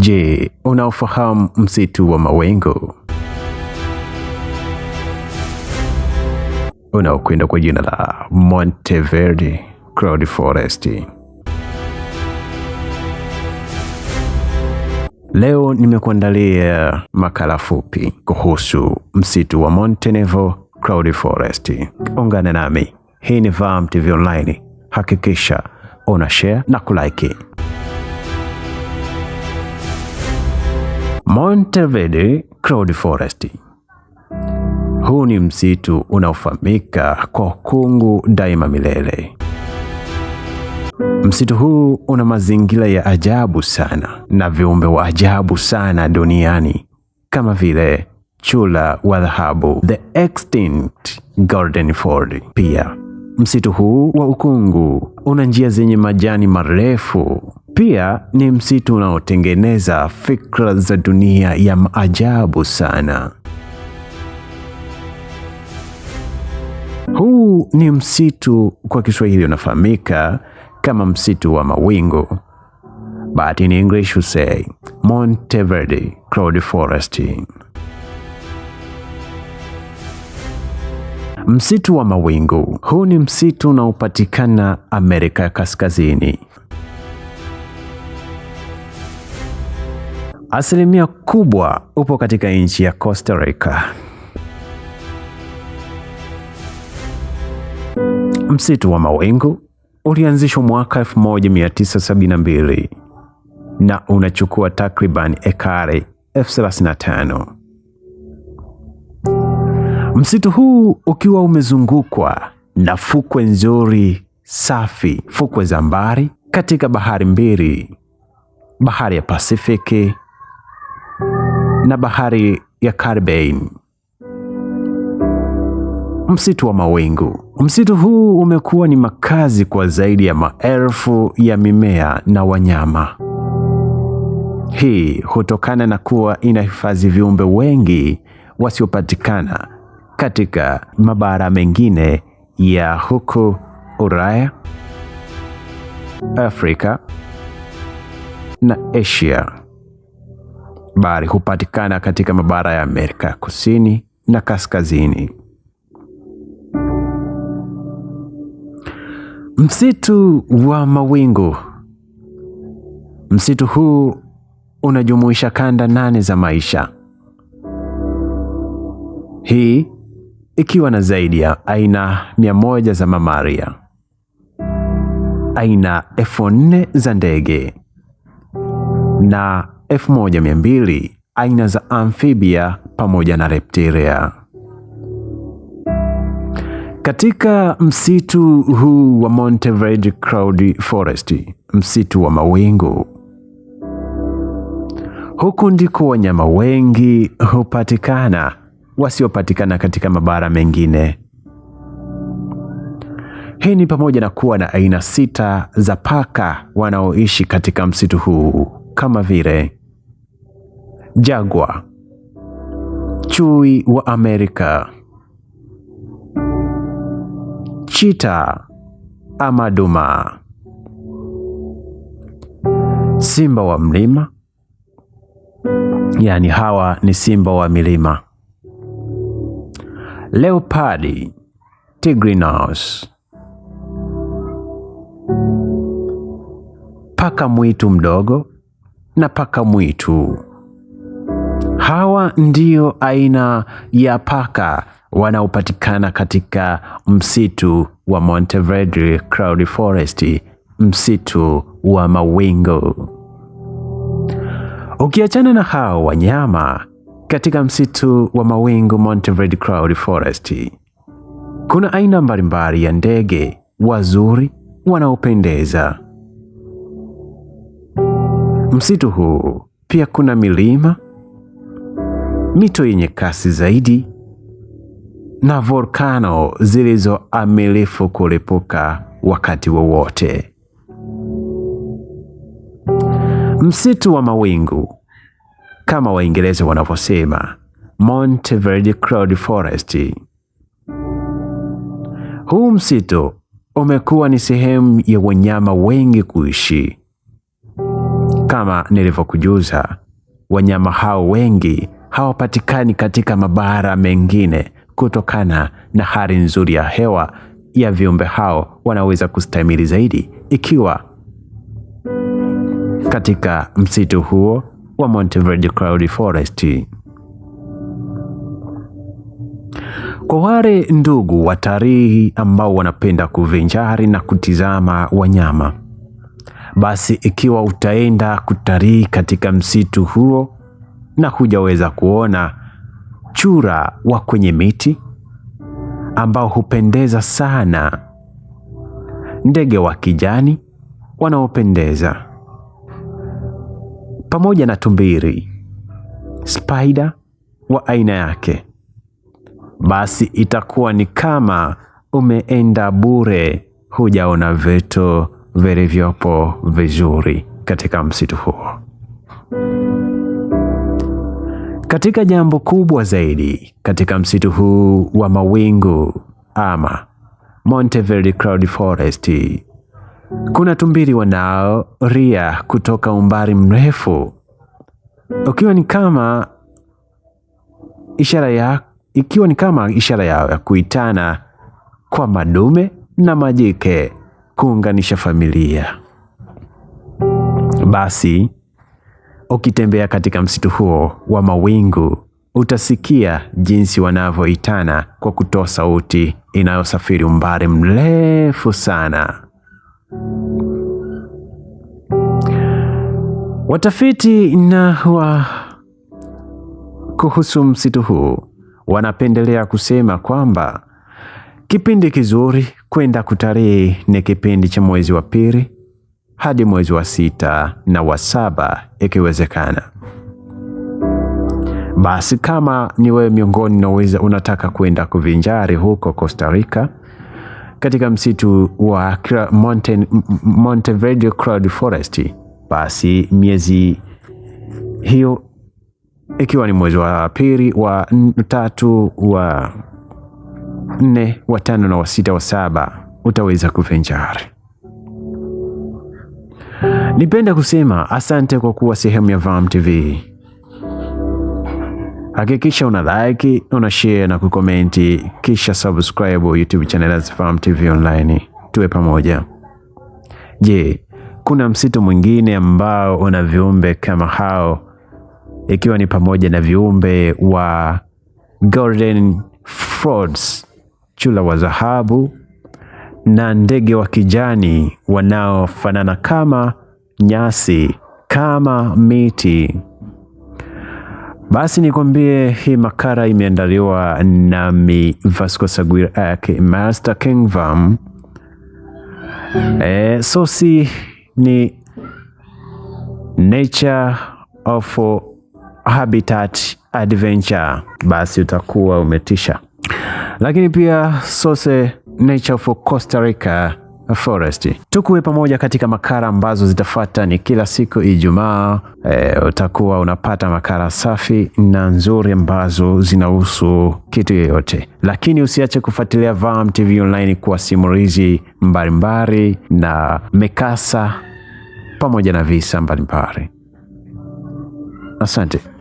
Je, unaofahamu msitu wa Mawengo unaokwenda kwa jina la Monteverde Cloud Forest? Leo nimekuandalia makala fupi kuhusu msitu wa Montenevo Cloud Forest. Ungana nami, hii ni Vam TV Online. Hakikisha una share na kulike. Monteverde Cloud Forest. Huu ni msitu unaofahamika kwa kungu daima milele. Msitu huu una mazingira ya ajabu sana na viumbe wa ajabu sana duniani kama vile chula wa dhahabu, the extinct golden ford. Pia msitu huu wa ukungu una njia zenye majani marefu pia ni msitu unaotengeneza fikra za dunia ya maajabu sana. Huu ni msitu kwa Kiswahili unafahamika kama msitu wa mawingu, but in English we say Monteverde Cloud Forest. Msitu wa mawingu, huu ni msitu unaopatikana Amerika ya Kaskazini asilimia kubwa upo katika nchi ya Costa Rica. Msitu wa Mawingu ulianzishwa mwaka 1972 na unachukua takriban ekari 35. Msitu huu ukiwa umezungukwa na fukwe nzuri safi, fukwe za mbari katika bahari mbili, bahari ya Pasifiki na bahari ya Caribbean. Msitu wa mawingu. Msitu huu umekuwa ni makazi kwa zaidi ya maelfu ya mimea na wanyama. Hii hutokana na kuwa inahifadhi viumbe wengi wasiopatikana katika mabara mengine ya huko Ulaya, Afrika na Asia habari hupatikana katika mabara ya Amerika ya Kusini na Kaskazini. Msitu wa mawingu. Msitu huu unajumuisha kanda nane za maisha, hii ikiwa na zaidi ya aina mia moja za mamalia, aina elfu nne za ndege na 1200 aina za amphibia pamoja na reptilia. Katika msitu huu wa Monteverde Cloud Forest, msitu wa mawingu, huku ndiko wanyama wengi hupatikana wasiopatikana katika mabara mengine. Hii ni pamoja na kuwa na aina sita za paka wanaoishi katika msitu huu kama vile Jagwa, chui wa Amerika, chita ama duma, simba wa mlima, yaani hawa ni simba wa milima, leopardi, tigrinos paka mwitu mdogo na paka mwitu. Hawa ndio aina ya paka wanaopatikana katika msitu wa Monteverdi Cloud Forest, msitu wa mawingu. Ukiachana na hao wanyama katika msitu wa mawingu Monteverdi Cloud Forest, kuna aina mbalimbali ya ndege wazuri wanaopendeza. Msitu huu pia kuna milima mito yenye kasi zaidi na volkano zilizoamilifu kulipuka wakati wowote. msitu wa mawingu kama Waingereza wanavyosema Monteverde Cloud Forest. Huu msitu umekuwa ni sehemu ya wanyama wengi kuishi. Kama nilivyokujuza, wanyama hao wengi hawapatikani katika mabara mengine kutokana na hali nzuri ya hewa ya viumbe hao wanaweza kustahimili zaidi ikiwa katika msitu huo wa Monteverde Cloud Forest. Kwa wale ndugu watalii ambao wanapenda kuvinjari na kutizama wanyama, basi ikiwa utaenda kutalii katika msitu huo na hujaweza kuona chura wa kwenye miti ambao hupendeza sana, ndege wa kijani wanaopendeza, pamoja na tumbiri, spider wa aina yake, basi itakuwa ni kama umeenda bure, hujaona vitu vilivyopo vizuri katika msitu huo katika jambo kubwa zaidi katika msitu huu wa mawingu ama Monteverde Cloud Forest. Kuna tumbili wanaolia kutoka umbali mrefu, ukiwa ni kama ishara ya ikiwa ni kama ishara yao ya kuitana kwa madume na majike kuunganisha familia. Basi Ukitembea katika msitu huo wa mawingu, utasikia jinsi wanavyoitana kwa kutoa sauti inayosafiri umbali mrefu sana. Watafiti na wa kuhusu msitu huu wanapendelea kusema kwamba kipindi kizuri kwenda kutalii ni kipindi cha mwezi wa pili hadi mwezi wa sita na wa saba ikiwezekana. Basi kama ni wewe miongoni naweza unataka kwenda kuvinjari huko Costa Rica katika msitu wa Monte, Monteverde Cloud Forest, basi miezi hiyo ikiwa ni mwezi wa pili wa tatu wa nne wa tano na wa sita wa saba utaweza kuvinjari. Nipenda kusema asante kwa kuwa sehemu ya Vam TV. Hakikisha una like, una share na kukomenti, kisha subscribe YouTube channel ya Vam TV online. Tuwe pamoja. Je, kuna msitu mwingine ambao una viumbe kama hao, ikiwa ni pamoja na viumbe wa golden frogs, chula wa dhahabu na ndege wa kijani wanaofanana kama nyasi kama miti. Basi nikwambie hii makara imeandaliwa nami Vasco Sagwira aka Master Kingvam. E, eh, sosi ni Nature of Habitat Adventure. Basi utakuwa umetisha, lakini pia sose Nature for Costa Rica Forest. Tukuwe pamoja katika makala ambazo zitafuata. Ni kila siku Ijumaa e, utakuwa unapata makala safi na nzuri ambazo zinahusu kitu yoyote, lakini usiache kufuatilia Vam TV Online kwa simulizi mbalimbali na mekasa pamoja na visa mbalimbali. Asante.